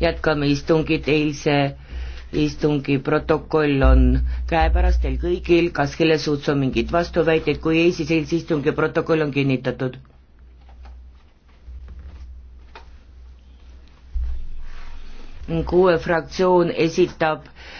jätkame istungit, eilse istungi protokoll on käepärast teil kõigil, kas kelle suhtes on mingeid vastuväiteid, kui ei, siis eilse istungi protokoll on kinnitatud. kuue fraktsioon esitab